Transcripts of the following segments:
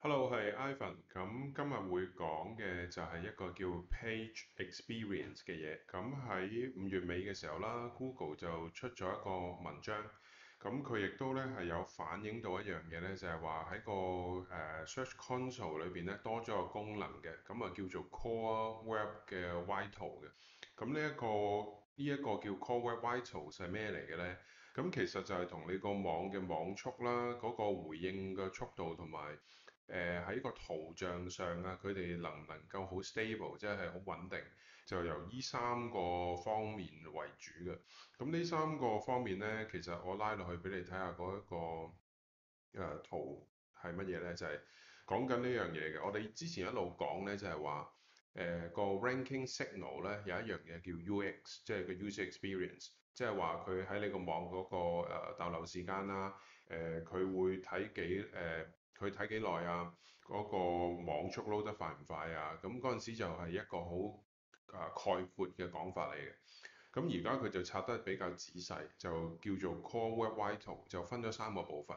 Hello，係 Ivan。咁今日會講嘅就係一個叫 Page Experience 嘅嘢。咁喺五月尾嘅時候啦，Google 就出咗一個文章。咁佢亦都咧係有反映到一樣嘢咧，就係話喺個誒 Search Console 裏邊咧多咗個功能嘅，咁啊叫做 Core Web 嘅 Vital 嘅。咁呢一個呢一個叫 Core Web Vital 係咩嚟嘅咧？咁其實就係同你個網嘅網速啦，嗰個回應嘅速度同埋，誒喺、呃、個圖像上啊，佢哋能唔能夠好 stable，即係好穩定，就由呢三個方面為主嘅。咁呢三個方面呢，其實我拉落去俾你睇下嗰、那、一個誒、呃、圖係乜嘢呢？就係講緊呢樣嘢嘅。我哋之前一路講呢，就係、是、話，誒、呃這個 ranking signal 呢有一樣嘢叫 UX，即係個 user experience，即係話佢喺你網、那個網嗰個逗留時間啦，誒、呃、佢會睇幾誒。呃佢睇幾耐啊？嗰、那個網速 load 得快唔快啊？咁嗰陣時就係一個好啊概括嘅講法嚟嘅。咁而家佢就拆得比較仔細，就叫做 Core Web Vital，就分咗三個部分。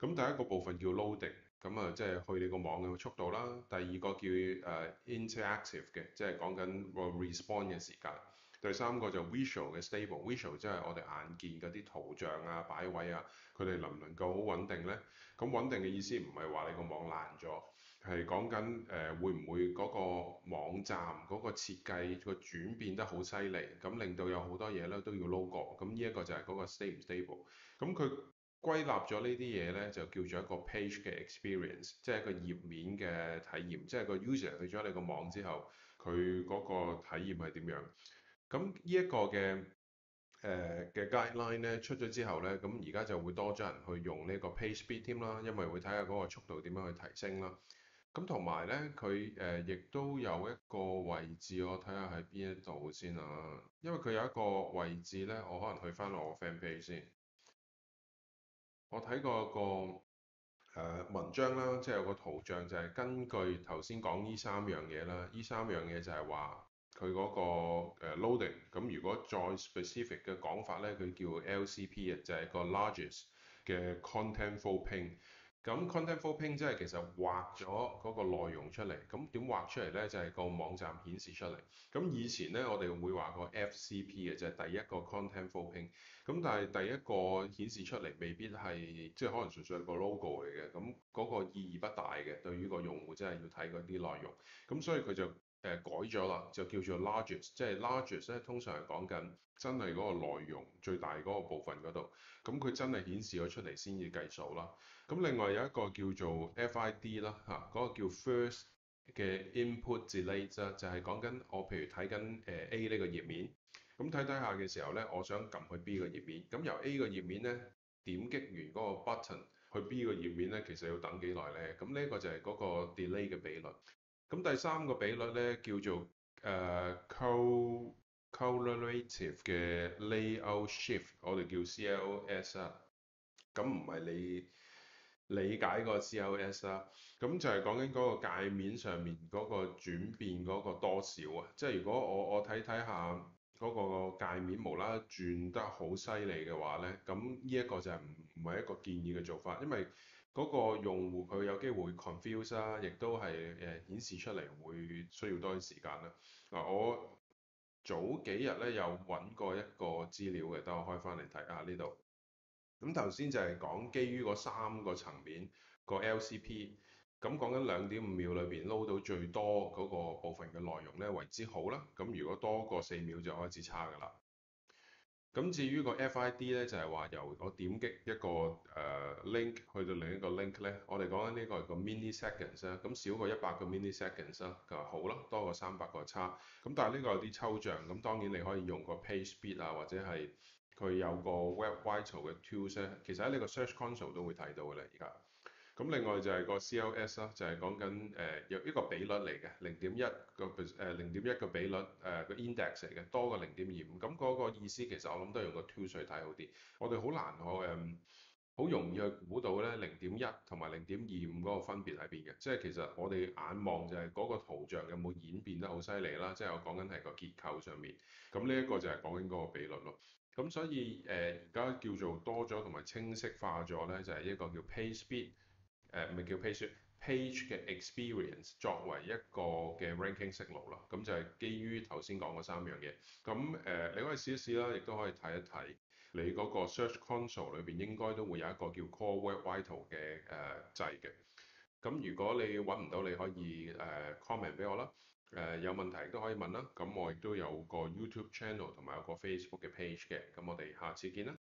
咁第一個部分叫 Loading，咁啊即係去你個網嘅速度啦。第二個叫誒、uh, Interactive 嘅，即、就、係、是、講緊個 respond 嘅時間。第三個就 visual, visual 嘅 stable，visual 即係我哋眼見嗰啲圖像啊、擺位啊，佢哋能唔能夠好穩定呢？咁穩定嘅意思唔係話你個網爛咗，係講緊誒會唔會嗰個網站嗰、嗰個設計個轉變得好犀利，咁令到有好多嘢咧都要 logo。咁呢一個就係嗰個 st stable。咁佢歸納咗呢啲嘢呢，就叫做一個 page 嘅 experience，即係一個頁面嘅體驗，即係個 user 去咗你個網之後，佢嗰個體驗係點樣？咁、呃、呢一個嘅誒嘅 guideline 咧出咗之後咧，咁而家就會多咗人去用呢個 PageSpeed 添啦，因為會睇下嗰個速度點樣去提升啦。咁同埋咧，佢誒亦都有一個位置，我睇下喺邊一度先啊。因為佢有一個位置咧，我可能去翻我個 FanPage 先。我睇過個誒、呃、文章啦，即係有個圖像就係、是、根據頭先講呢三樣嘢啦。呢三樣嘢就係話。佢嗰個 loading，咁如果再 specific 嘅講法咧，佢叫 LCP 啊，就係個 largest 嘅 contentful paint 咁 contentful paint 即係其實畫咗嗰個內容出嚟，咁點畫出嚟咧？就係、是、個網站顯示出嚟。咁以前咧，我哋會話個 FCP 嘅，就係第一個 contentful paint 咁但係第一個顯示出嚟未必係，即係可能純粹係個 logo 嚟嘅，咁、那、嗰個意義不大嘅。對於個用戶真係要睇嗰啲內容，咁所以佢就。誒，改咗啦，就叫做 largest，即係 largest 咧，通常係講緊真係嗰個內容最大嗰個部分嗰度，咁佢真係顯示咗出嚟先至計數啦。咁另外有一個叫做 FID 啦，吓，嗰個叫 first 嘅 input delay 啦，就係講緊我譬如睇緊誒 A 呢個頁面，咁睇睇下嘅時候咧，我想撳去 B 個頁面，咁由 A 個頁面咧點擊完嗰個 button 去 B 個頁面咧，其實要等幾耐咧？咁呢個就係嗰個 delay 嘅比率。咁第三個比率咧叫做誒、uh, corr、er、correlative 嘅 layout shift，我哋叫 CLS 啦、啊。咁唔係你理解個 CLS 啦、啊。咁就係講緊嗰個界面上面嗰個轉變嗰個多少啊。即係如果我我睇睇下嗰個界面無啦啦轉得好犀利嘅話咧，咁呢一個就係唔唔係一個建議嘅做法，因為，嗰個用戶佢有機會 confuse 啦，亦都係誒顯示出嚟會需要多啲時間啦。嗱，我早幾日咧有揾過一個資料嘅，等我開翻嚟睇下呢度。咁頭先就係講基於嗰三個層面個 LCP，咁講緊兩點五秒裏邊 load 到最多嗰個部分嘅內容咧為之好啦。咁如果多過四秒就開始差噶啦。咁至於個 FID 咧，就係、是、話由我點擊一個誒、呃、link 去到另一個 link 咧，我哋講緊呢個係個 mini seconds 啦、啊，咁少過一百個 mini seconds 啦、啊，咁好啦，多過三百個差。咁但係呢個有啲抽象，咁當然你可以用個 page speed 啊，或者係佢有個 web vital 嘅 tools 咧、啊，其實喺呢個 search console 都會睇到嘅咧，而家。咁另外就係個 C.L.S 啦，就係講緊誒有一個比率嚟嘅，零點一個 p 零點一個比率誒、呃、個 index 嚟嘅，多過零點二五咁，嗰個意思其實我諗都係用個 two 水，睇好啲，我哋好難可誒好容易去估到咧，零點一同埋零點二五嗰個分別喺邊嘅，即係其實我哋眼望就係嗰個圖像有冇演變得好犀利啦，即係我講緊係個結構上面。咁呢一個就係講緊嗰個比率咯。咁所以誒而家叫做多咗同埋清晰化咗咧，就係、是、一個叫 PageSpeed 誒唔係叫 page，page 嘅 page experience 作為一個嘅 ranking signal 啦，咁就係基於頭先講嗰三樣嘢。咁誒、uh，你可以試一試啦，亦都可以睇一睇你嗰個 search console 裏邊應該都會有一個叫 core web vital 嘅誒掣嘅。咁、uh，如果你揾唔到，你可以誒、uh，comment 俾我啦。誒、uh，有問題都可以問啦。咁我亦都有個 YouTube channel 同埋有個 Facebook 嘅 page 嘅。咁我哋下次見啦。